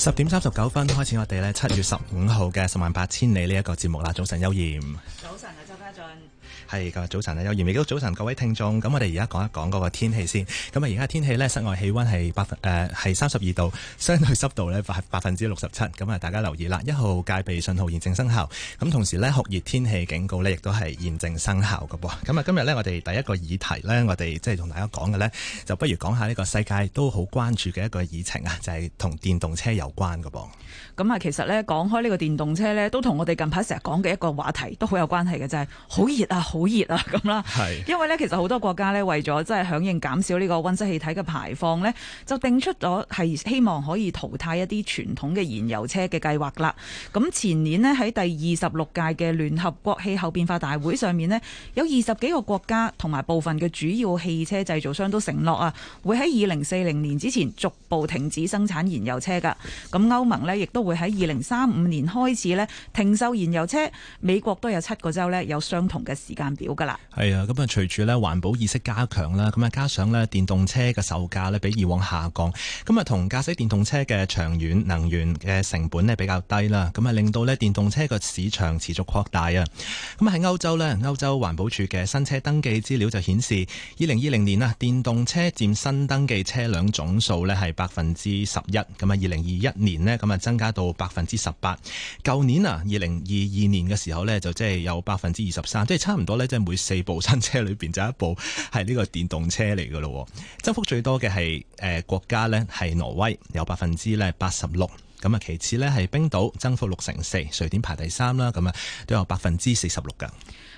十點三十九分開始，我哋咧七月十五號嘅十萬八千里呢一個節目啦。早晨，邱賢。早晨啊，周家俊。係早晨咧，有熱氣。早晨，有有早晨各位聽眾，咁我哋而家講一講嗰個天氣先。咁啊，而家天氣呢，室外氣温係百分誒係三十二度，相對濕度呢，百分之六十七。咁啊，大家留意啦，一號戒備信號現正生效。咁同時呢，酷熱天氣警告呢，亦都係現正生效㗎噃。咁啊，今日呢，我哋第一個議題呢，我哋即係同大家講嘅呢，就不如講下呢個世界都好關注嘅一個議程啊，就係、是、同電動車有關㗎噃。咁啊，其實呢，講開呢個電動車呢，都同我哋近排成日講嘅一個話題都好有關係嘅，就係、是、好熱啊，好～好熱啊，咁啦，因為咧，其實好多國家咧，為咗即係響應減少呢個温室氣體嘅排放呢，就定出咗係希望可以淘汰一啲傳統嘅燃油車嘅計劃啦。咁前年呢，喺第二十六屆嘅聯合國氣候變化大會上面呢，有二十幾個國家同埋部分嘅主要汽車製造商都承諾啊，會喺二零四零年之前逐步停止生產燃油車噶。咁歐盟呢，亦都會喺二零三五年開始呢，停售燃油車，美國都有七個州呢，有相同嘅時間。咁啊，隨住呢環保意識加強啦，咁啊，加上呢電動車嘅售價呢比以往下降，咁啊，同駕駛電動車嘅長遠能源嘅成本呢比較低啦，咁啊，令到呢電動車嘅市場持續擴大啊。咁喺歐洲呢，歐洲環保署嘅新車登記資料就顯示，二零二零年啊，電動車佔新登記車輛總數呢係百分之十一，咁啊，二零二一年呢，咁啊，增加到百分之十八。舊年啊，二零二二年嘅時候呢，就即係有百分之二十三，即係差唔多。即係每四部新車裏邊就一部係呢個電動車嚟噶咯，增幅最多嘅係誒國家呢，係挪威，有百分之咧八十六，咁啊其次呢，係冰島，增幅六成四，瑞典排第三啦，咁啊都有百分之四十六噶。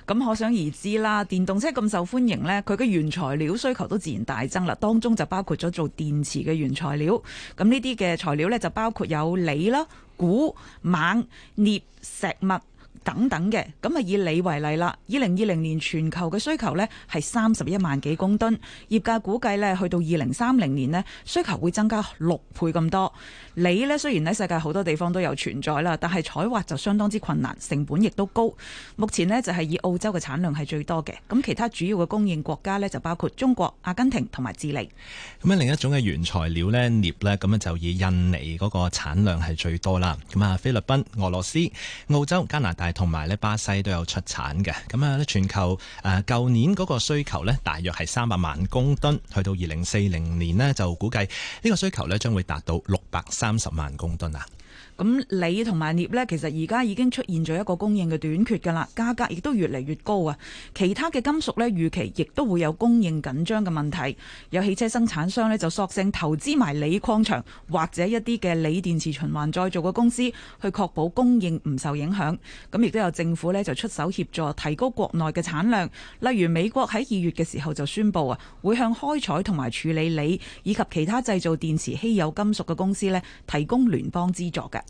咁可想而知啦，電動車咁受歡迎呢，佢嘅原材料需求都自然大增啦，當中就包括咗做電池嘅原材料，咁呢啲嘅材料呢，就包括有鋰啦、钴、錳、鎳、石墨。等等嘅，咁啊以鋰為例啦，二零二零年全球嘅需求咧係三十一萬幾公噸，業界估計咧去到二零三零年咧需求會增加六倍咁多。鋰咧雖然喺世界好多地方都有存在啦，但係採挖就相當之困難，成本亦都高。目前咧就係以澳洲嘅產量係最多嘅，咁其他主要嘅供應國家咧就包括中國、阿根廷同埋智利。咁樣另一種嘅原材料咧鎳咧，咁樣就以印尼嗰個產量係最多啦，咁啊菲律賓、俄羅斯、澳洲、加拿大、同埋咧，巴西都有出產嘅，咁啊，全球誒舊年嗰個需求咧，大約係三百萬公噸，去到二零四零年呢，就估計呢個需求咧，將會達到六百三十萬公噸啊！咁鋰同埋鎳呢，其實而家已經出現咗一個供應嘅短缺噶啦，價格亦都越嚟越高啊！其他嘅金屬呢，預期亦都會有供應緊張嘅問題。有汽車生產商呢，就索性投資埋鋰礦場或者一啲嘅鋰電池循環再造嘅公司，去確保供應唔受影響。咁亦都有政府呢，就出手協助，提高國內嘅產量。例如美國喺二月嘅時候就宣布啊，會向開採同埋處理鋰以及其他製造電池稀有金屬嘅公司呢，提供聯邦資助嘅。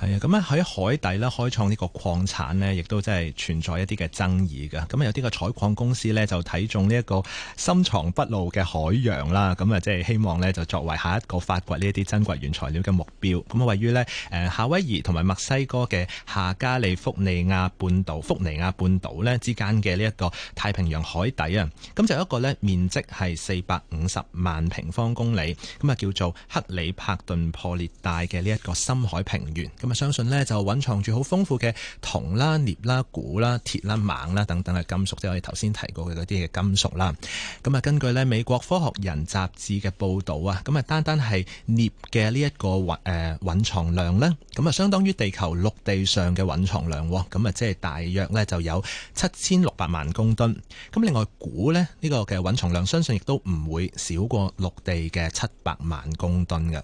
係啊，咁啊喺海底咧開創呢個礦產呢，亦都真係存在一啲嘅爭議噶。咁有啲嘅採礦公司呢，就睇中呢一個深藏不露嘅海洋啦。咁啊即係希望呢，就作為下一個發掘呢一啲珍貴原材料嘅目標。咁啊位於呢，誒夏威夷同埋墨西哥嘅下加利福尼亞半島、福尼亞半島呢之間嘅呢一個太平洋海底啊。咁就有一個呢，面積係四百五十萬平方公里，咁啊叫做克利珀頓破裂帶嘅呢一個深海平原咁啊，相信咧就蘊藏住好豐富嘅銅啦、鎳啦、鈷啦、鐵啦、錳啦等等嘅金屬，即係我哋頭先提過嘅嗰啲嘅金屬啦。咁啊，根據咧美國科學人雜誌嘅報道啊，咁啊單單係鎳嘅呢一個誒蘊藏量咧，咁啊相當於地球陸地上嘅蘊藏量，咁啊即係大約咧就有七千六百萬公噸。咁另外鈷咧呢個嘅蘊藏量，相信亦都唔會少過陸地嘅七百萬公噸嘅。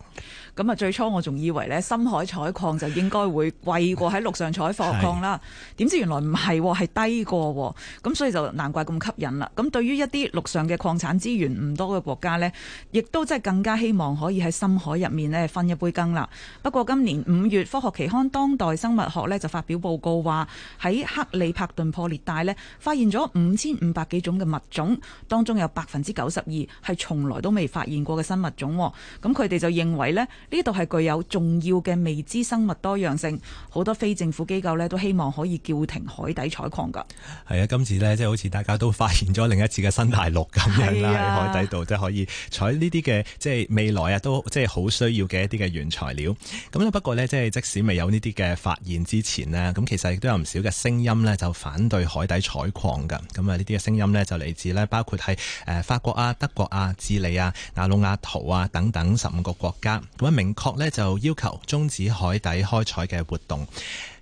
咁啊，最初我仲以為咧深海。採礦就應該會貴過喺陸上採礦啦，點是知原來唔係喎，係低過喎、啊，咁所以就難怪咁吸引啦。咁對於一啲陸上嘅礦產資源唔多嘅國家呢，亦都真係更加希望可以喺深海入面呢分一杯羹啦。不過今年五月《科學期刊》《當代生物學》呢就發表報告話，喺克利珀頓破裂帶呢發現咗五千五百幾種嘅物種，當中有百分之九十二係從來都未發現過嘅新物種。咁佢哋就認為呢，呢度係具有重要嘅未。支生物多樣性，好多非政府機構咧都希望可以叫停海底採礦噶係啊，今次咧即係好似大家都發現咗另一次嘅新大陸咁樣啦，喺的海底度即係可以採呢啲嘅即係未來啊，都即係好需要嘅一啲嘅原材料。咁不過咧，即係即使未有呢啲嘅發現之前咧，咁其實亦都有唔少嘅聲音咧，就反對海底採礦噶咁啊，呢啲嘅聲音咧就嚟自咧，包括係誒法國啊、德國啊、智利啊、瓦努阿圖啊等等十五個國家。咁啊，明確咧就要求終止，海底開採嘅活動，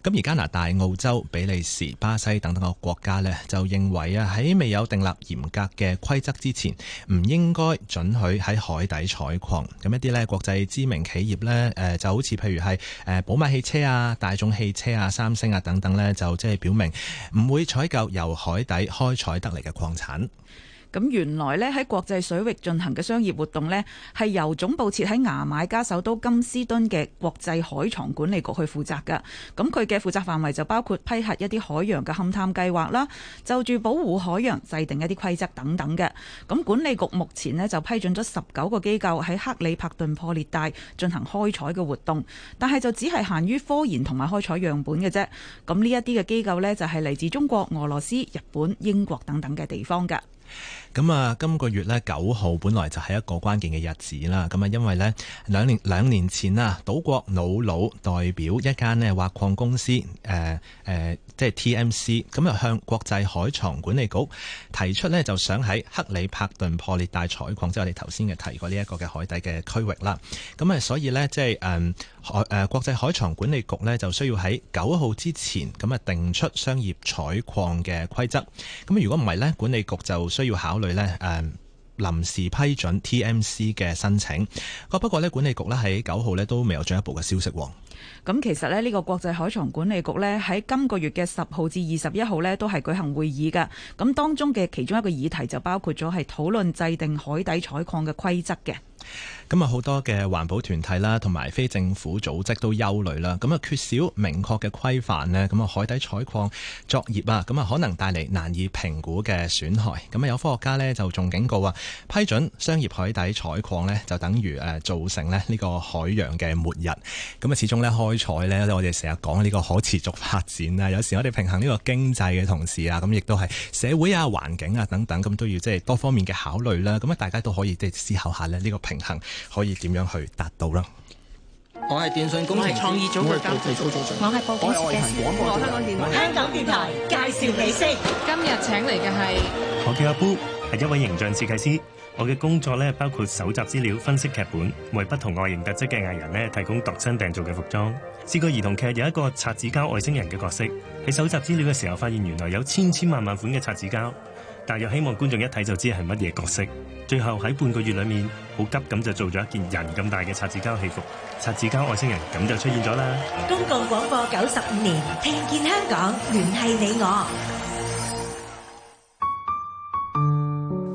咁而加拿大、澳洲、比利時、巴西等等個國家呢就認為啊，喺未有訂立嚴格嘅規則之前，唔應該準許喺海底採礦。咁一啲呢國際知名企業呢，誒就好似譬如係誒寶馬汽車啊、大眾汽車啊、三星啊等等呢，就即係表明唔會採購由海底開採得嚟嘅礦產。咁原來咧，喺國際水域進行嘅商業活動呢，係由總部設喺牙買加首都金斯敦嘅國際海牀管理局去負責㗎。咁佢嘅負責範圍就包括批核一啲海洋嘅勘探計劃啦，就住保護海洋制定一啲規則等等嘅。咁管理局目前呢就批准咗十九個機構喺克利珀頓破裂帶進行開採嘅活動，但係就只係限於科研同埋開採樣本嘅啫。咁呢一啲嘅機構呢，就係嚟自中國、俄羅斯、日本、英國等等嘅地方㗎。咁啊，今個月咧九號本來就係一個關鍵嘅日子啦。咁啊，因為呢兩年兩年前啊，島國瑙魯代表一間呢挖礦公司，誒、呃、誒、呃，即係 TMC，咁啊向國際海床管理局提出呢，就想喺克利珀頓破裂帶採礦，即係我哋頭先嘅提過呢一個嘅海底嘅區域啦。咁啊，所以呢，即係誒。嗯海誒國際海床管理局咧就需要喺九號之前，咁啊定出商業採礦嘅規則。咁如果唔係咧，管理局就需要考慮咧誒臨時批准 T M C 嘅申請。不過咧，管理局咧喺九號咧都未有進一步嘅消息喎。咁其實呢，呢、這個國際海床管理局呢，喺今個月嘅十號至二十一號呢，都係舉行會議噶。咁當中嘅其中一個議題就包括咗係討論制定海底採礦嘅規則嘅。咁啊，好多嘅環保團體啦，同埋非政府組織都憂慮啦。咁啊，缺少明確嘅規範呢。咁啊，海底採礦作業啊，咁啊，可能帶嚟難以評估嘅損害。咁啊，有科學家呢，就仲警告啊，批准商業海底採礦呢，就等於誒造成呢呢、這個海洋嘅末日。咁啊，始終。開採咧，我哋成日講呢個可持續發展啊，有時我哋平衡呢個經濟嘅同時啊，咁亦都係社會啊、環境啊等等，咁都要即係多方面嘅考慮啦。咁啊，大家都可以即係思考下咧，呢個平衡可以點樣去達到啦。我係電信公司創意總監，我係報導員，廣播香港電台，香港電台話介紹你先。今日請嚟嘅係我叫阿布，係一位形象設計師。我嘅工作咧，包括搜集資料、分析劇本，為不同外形特質嘅藝人咧提供獨身訂造嘅服裝。試過兒童劇有一個擦紙膠外星人嘅角色，喺搜集資料嘅時候發現，原來有千千萬萬款嘅擦紙膠，但又希望觀眾一睇就知係乜嘢角色。最後喺半個月裏面，好急咁就做咗一件人咁大嘅擦紙膠戲服，擦紙膠外星人咁就出現咗啦。公共廣播九十五年，聽見香港，聯繫你我。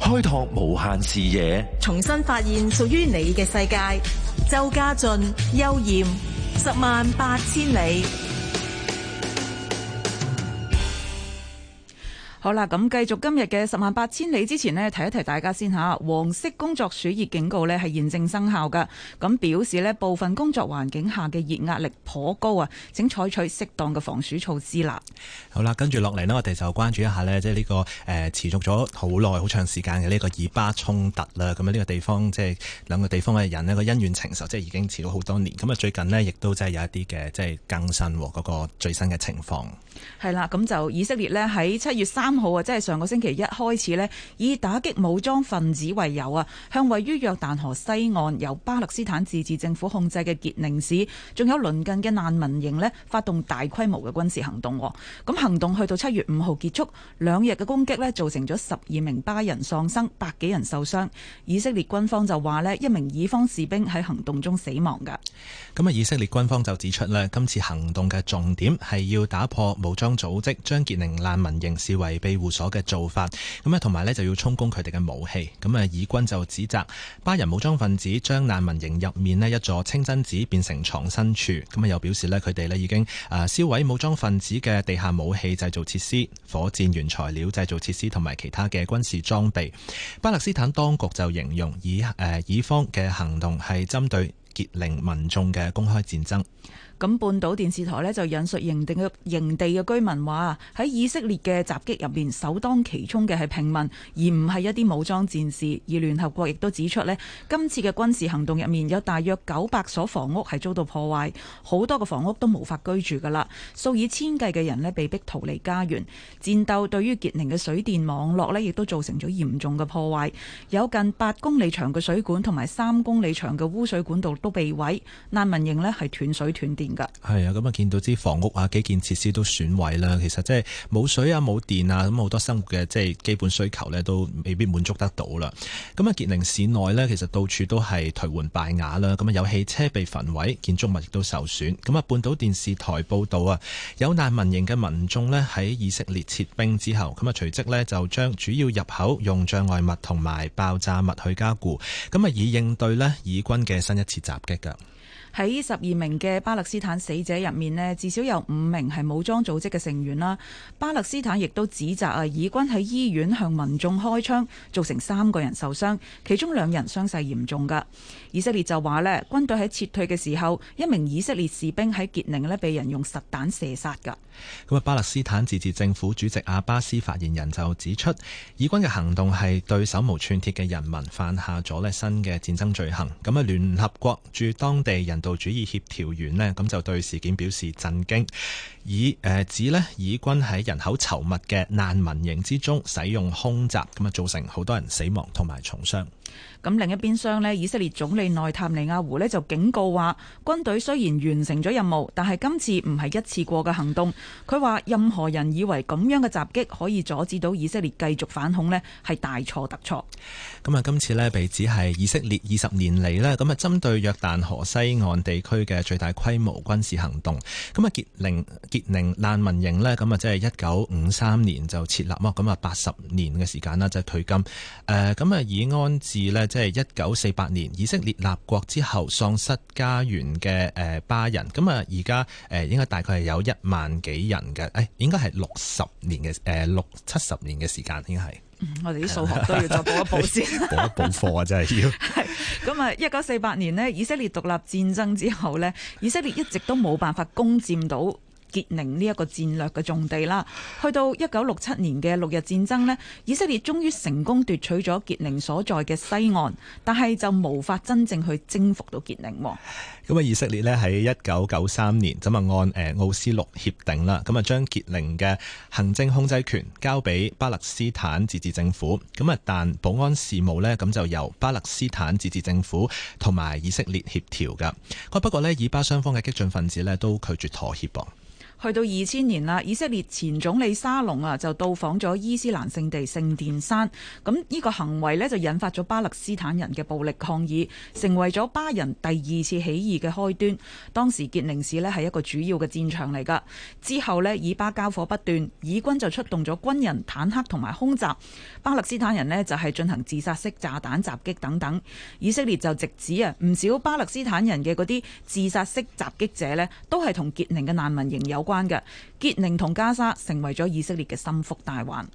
開拓無限視野，重新發現屬於你嘅世界。周家俊、邱燕，十萬八千里。好啦，咁繼續今日嘅十萬八千里之前呢，提一提大家先下黃色工作暑熱警告呢係現正生效㗎。咁表示呢部分工作環境下嘅熱壓力頗高啊，請採取適當嘅防暑措施啦。好啦，跟住落嚟呢，我哋就關注一下呢、這個，即係呢個誒持續咗好耐、好長時間嘅呢個以巴衝突啦。咁啊，呢個地方即係、就是、兩個地方嘅人呢個恩怨情仇即係已經持咗好多年。咁啊，最近呢亦都真係有一啲嘅即係更新嗰個最新嘅情況。係啦，咁就以色列呢，喺七月三。好啊！即係上個星期一開始呢，以打擊武裝分子為由啊，向位於約旦河西岸由巴勒斯坦自治政府控制嘅傑寧市，仲有鄰近嘅難民營呢，發動大規模嘅軍事行動。咁行動去到七月五號結束，兩日嘅攻擊呢，造成咗十二名巴人喪生，百幾人受傷。以色列軍方就話呢，一名以方士兵喺行動中死亡噶。咁啊，以色列軍方就指出呢，今次行動嘅重點係要打破武裝組織，將傑寧難民營視為。庇護所嘅做法，咁咧同埋就要充公佢哋嘅武器。咁啊，以軍就指責巴人武裝分子將難民營入面一座清真寺變成藏身處。咁啊，又表示咧佢哋已經誒銷毀武裝分子嘅地下武器製造設施、火箭原材料製造設施同埋其他嘅軍事裝備。巴勒斯坦當局就形容以誒、呃、以方嘅行動係針對傑寧民眾嘅公開戰爭。咁，半島電視台咧就引述營地嘅營地嘅居民話啊，喺以色列嘅襲擊入面，首當其衝嘅係平民，而唔係一啲武裝戰士。而聯合國亦都指出咧，今次嘅軍事行動入面，有大約九百所房屋係遭到破壞，好多嘅房屋都無法居住㗎啦。數以千計嘅人咧被逼逃離家園。戰鬥對於傑寧嘅水電網絡咧，亦都造成咗嚴重嘅破壞，有近八公里長嘅水管同埋三公里長嘅污水管道都被毀。難民營咧係斷水斷電。係啊，咁啊見到啲房屋啊、基建設施都損毀啦，其實即係冇水啊、冇電啊，咁好多生活嘅即係基本需求呢都未必滿足得到啦。咁啊，傑寧市內呢，其實到處都係頹垣敗瓦啦，咁啊有汽車被焚毀，建築物亦都受損。咁啊，半島電視台報道啊，有難民營嘅民眾呢，喺以色列撤兵之後，咁啊隨即呢，就將主要入口用障礙物同埋爆炸物去加固，咁啊以應對呢以軍嘅新一次襲擊噶。喺十二名嘅巴勒斯坦死者入面呢，至少有五名係武裝組織嘅成員啦。巴勒斯坦亦都指責啊，以軍喺醫院向民眾開槍，造成三個人受傷，其中兩人傷勢嚴重噶。以色列就話咧，軍隊喺撤退嘅時候，一名以色列士兵喺傑寧咧被人用實彈射殺噶。咁啊，巴勒斯坦自治政府主席阿巴斯發言人就指出，以軍嘅行動係對手無寸鐵嘅人民犯下咗咧新嘅戰爭罪行。咁啊，聯合國駐當地人。道主義協調員呢，咁就對事件表示震驚，以誒、呃、指呢，以軍喺人口稠密嘅難民營之中使用空襲，咁啊，造成好多人死亡同埋重傷。咁另一邊廂呢，以色列總理內塔尼亞胡呢，就警告話，軍隊雖然完成咗任務，但係今次唔係一次過嘅行動。佢話任何人以為咁樣嘅襲擊可以阻止到以色列繼續反恐呢，係大錯特錯。咁啊，今次呢，被指係以色列二十年嚟，呢，咁啊針對約旦河西岸地區嘅最大規模軍事行動。咁啊，傑寧傑寧難民營，就是就是呃、呢，咁啊即係一九五三年就設立啊，咁啊八十年嘅時間啦，即係距今。誒，咁啊以安置呢。即係一九四八年，以色列立國之後喪失家園嘅誒、呃、巴人，咁啊而家誒應該大概係有一萬幾人嘅，誒、哎、應該係六十年嘅誒、呃、六七十年嘅時間應該係、嗯。我哋啲數學都要再補一補先， 補一補課啊真係要 。咁啊一九四八年呢，以色列獨立戰爭之後咧，以色列一直都冇辦法攻佔到。傑寧呢一個戰略嘅重地啦，去到一九六七年嘅六日戰爭呢，以色列終於成功奪取咗傑寧所在嘅西岸，但係就無法真正去征服到傑寧。咁啊，以色列呢喺一九九三年咁啊，按誒奧斯陸協定啦，咁啊將傑寧嘅行政控制權交俾巴勒斯坦自治政府，咁啊但保安事務呢，咁就由巴勒斯坦自治政府同埋以色列協調噶。不過呢，以巴雙方嘅激進分子呢，都拒絕妥協噃。去到二千年啦，以色列前總理沙龍啊就到訪咗伊斯蘭聖地聖殿山，咁呢個行為咧就引發咗巴勒斯坦人嘅暴力抗議，成為咗巴人第二次起義嘅開端。當時傑寧市咧係一個主要嘅戰場嚟噶，之後咧以巴交火不斷，以軍就出動咗軍人、坦克同埋空襲，巴勒斯坦人咧就係進行自殺式炸彈襲擊等等。以色列就直指啊唔少巴勒斯坦人嘅嗰啲自殺式襲擊者咧都係同傑寧嘅難民營有關嘅。傑寧同加沙成為咗以色列嘅心腹大患。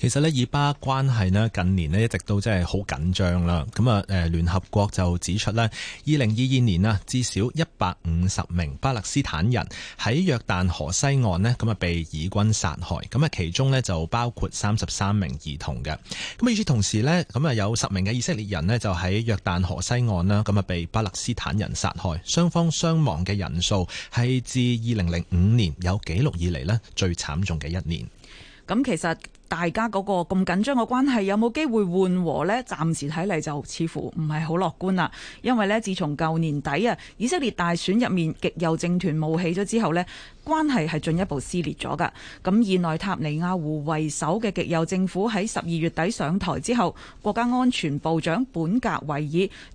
其實呢，以巴關係呢，近年呢一直都真係好緊張啦。咁啊誒，聯合國就指出呢，二零二二年啊，至少一百五十名巴勒斯坦人喺約旦河西岸呢，咁啊被以軍殺害。咁啊其中呢就包括三十三名兒童嘅。咁啊與此同時呢，咁啊有十名嘅以色列人呢就喺約旦河西岸啦，咁啊被巴勒斯坦人殺害。雙方傷亡嘅人數係自二零零五年有紀錄以嚟，嚟咧最慘重嘅一年，咁其實。大家嗰個咁緊張嘅關係有冇機會緩和咧？暫時睇嚟，就似乎唔係好樂觀啦。因為咧，自從舊年底啊，以色列大選入面極右政團冒起咗之後咧，關係係進一步撕裂咗噶。咁以內塔尼亞胡為首嘅極右政府喺十二月底上台之後，國家安全部長本格維爾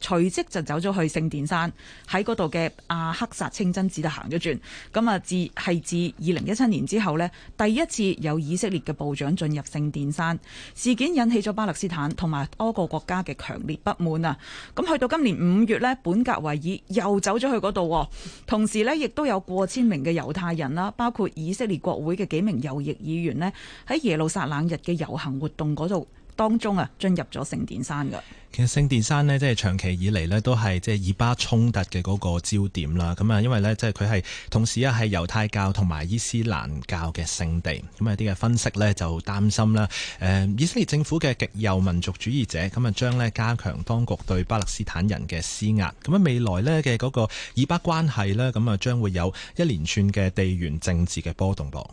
隨即就走咗去聖殿山，喺嗰度嘅阿克薩清真寺就行咗轉，咁啊，自係自二零一七年之後咧，第一次有以色列嘅部長進入。聖殿山事件引起咗巴勒斯坦同埋多個國家嘅強烈不滿啊！咁去到今年五月呢，本格維爾又走咗去嗰度，同時呢，亦都有過千名嘅猶太人啦，包括以色列國會嘅幾名右翼議員呢，喺耶路撒冷日嘅遊行活動嗰度，當中啊，進入咗聖殿山嘅。其實聖殿山呢，即係長期以嚟咧，都係即係以巴衝突嘅嗰個焦點啦。咁啊，因為呢，即係佢係同時啊，係猶太教同埋伊斯蘭教嘅聖地。咁啊啲嘅分析呢，就擔心啦。誒，以色列政府嘅極右民族主義者咁啊，將咧加強當局對巴勒斯坦人嘅施壓。咁啊，未來呢嘅嗰個以巴關係呢，咁啊，將會有一連串嘅地緣政治嘅波動噃。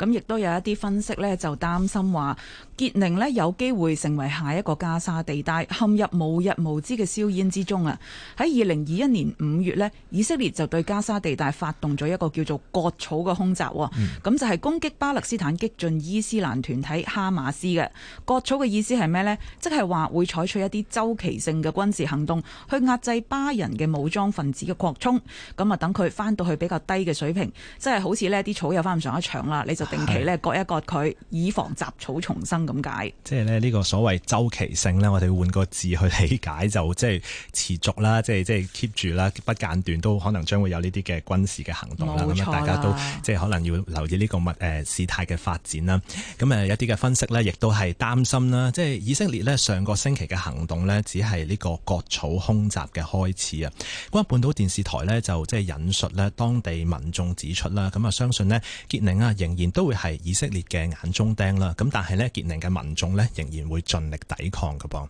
咁亦都有一啲分析呢，就擔心話，傑寧呢，有機會成為下一個加沙地帶，陷入無日無之嘅硝煙之中啊！喺二零二一年五月呢，以色列就對加沙地帶發動咗一個叫做割草嘅空襲、啊，咁、嗯、就係攻擊巴勒斯坦激進伊斯蘭團體哈馬斯嘅。割草嘅意思係咩呢？即係話會採取一啲周期性嘅軍事行動，去壓制巴人嘅武裝分子嘅擴充。咁啊，等佢翻到去比較低嘅水平，即、就、係、是、好似呢啲草又翻唔上一場啦，你就。定期咧，割一割佢，以防雜草重生咁解。即係咧呢個所謂周期性咧，我哋換個字去理解就即係持續啦，即係即係 keep 住啦，不間斷都可能將會有呢啲嘅軍事嘅行動啦。咁大家都即係可能要留意呢個物誒事態嘅發展啦。咁啊有啲嘅分析咧，亦都係擔心啦。即係以色列咧上個星期嘅行動咧，只係呢個割草空襲嘅開始啊。關於半島電視台咧就即係引述咧當地民眾指出啦，咁啊相信呢傑寧啊仍然都。都會係以色列嘅眼中釘啦，咁但係咧，傑寧嘅民眾咧仍然會盡力抵抗噶噃。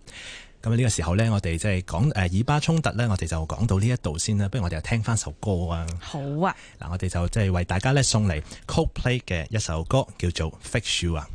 咁呢個時候咧，我哋即係講誒以巴衝突咧，我哋就講到呢一度先啦。不如我哋就聽翻首歌啊。好啊。嗱，啊，我哋就即係為大家咧送嚟 Coldplay 嘅一首歌，叫做 Fix You 啊。